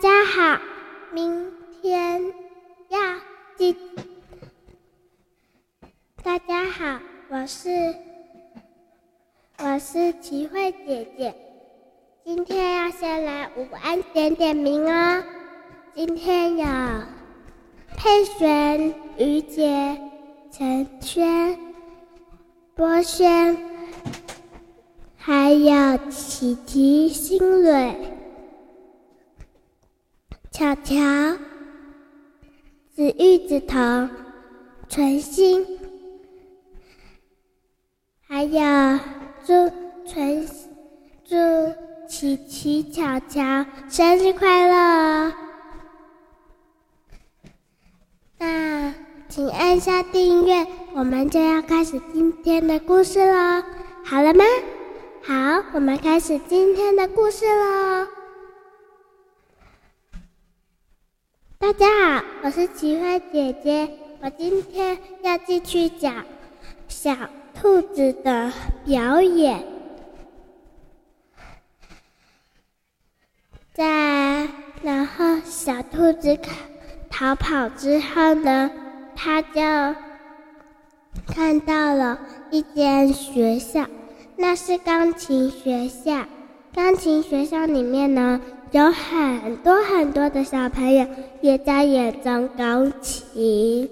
大家好，明天要記。大家好，我是我是齊慧姐姐，今天要先來午安點點名哦。今天有佩璇、於姐、陳軒、波軒，還有琪琪、星蕊。巧巧、紫玉、紫藤、純心，還有祝純，祝琪琪、巧巧生日快樂哦！那請按下訂閱，我們就要開始今天的故事嘍。好了嗎？好，我們開始今天的故事嘍。大家好，我是奇幻姐姐。我今天要繼續講小兔子的表演。在，然後小兔子逃逃跑之後呢，它就看到了一間學校，那是鋼琴學校。鋼琴學校裡面呢。有很多很多的小朋友也在演奏鋼琴，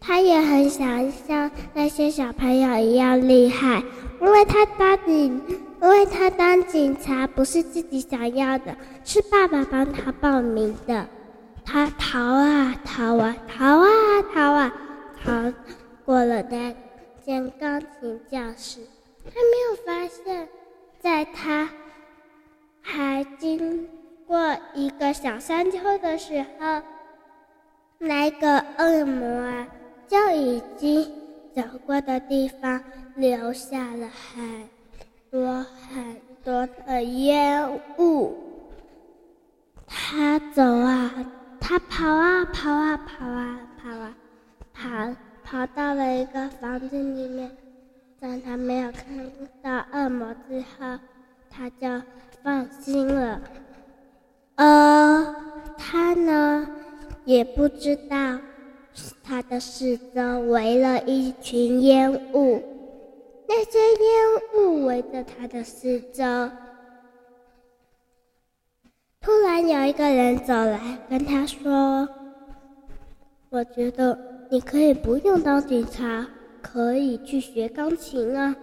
他也很想像那些小朋友一樣厲害，因為他當警，因為他當警察不是自己想要的，是爸爸幫他報名的。他逃啊逃啊逃啊逃啊逃過了那間鋼琴教室，他沒有發現，在他。還經過一個小山丘的時候，那個惡魔啊，就已經走過的地方留下了很多很多的煙霧。他走啊，他跑啊，跑啊，跑啊，跑啊，跑跑到了一個房子裡面，但他沒有看到惡魔之後。他就放心了。呃，他呢，也不知道，他的四周圍了一群煙霧，那些煙霧圍着他的四周。突然有一個人走來，跟他說：“我覺得你可以不用當警察，可以去學鋼琴啊。”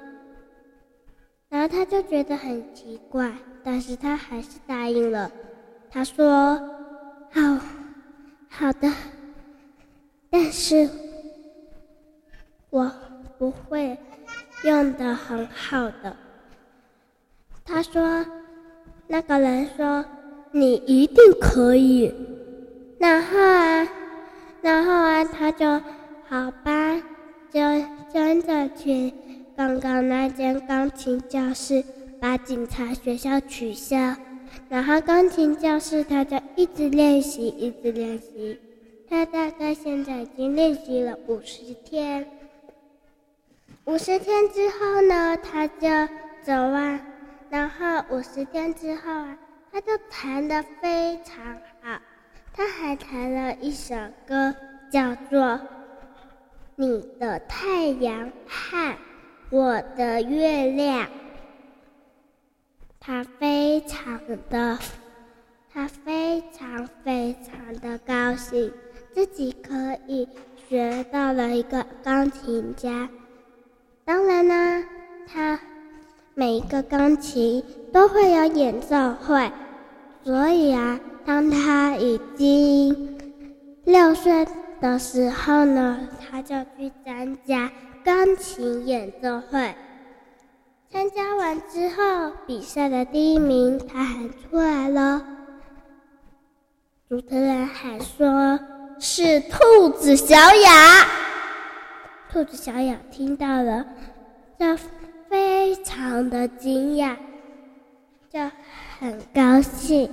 然後他就覺得很奇怪，但是他還是答應了。他說：“好，好的，但是，我不會用的很好的。”他說：“那個人說你一定可以。”然後啊，然後啊，他就好吧，就真的去。剛剛那間鋼琴教室把警察學校取消，然後鋼琴教室他就一直練習，一直練習。他大概現在已經練習了五十天。五十天之後呢，他就走啊，然後五十天之後啊，他就彈得非常好。他還彈了一首歌，叫做《你的太陽漢》。我的月亮，他非常的，他非常非常的高興，自己可以學到了一個鋼琴家。當然啦，他每一個鋼琴都會有演奏會，所以啊，當他已經六歲的時候呢，他就去參加。鋼琴演奏會，參加完之後，比賽的第一名，他喊出來了。主持人還說是兔子小雅，兔子小雅聽到了，就非常的驚訝，就很高興。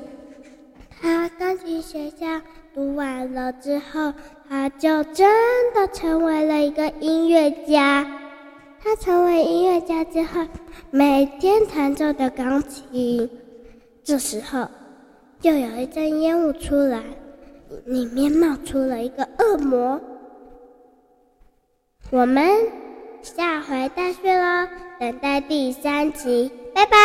他鋼琴學校讀完了之後，他就真的成為了一個音樂家。他成為音樂家之後，每天彈奏的鋼琴，這時候就有一陣煙霧出來，裡面冒出了一個惡魔。我們下回再續嘍，等待第三集，拜拜。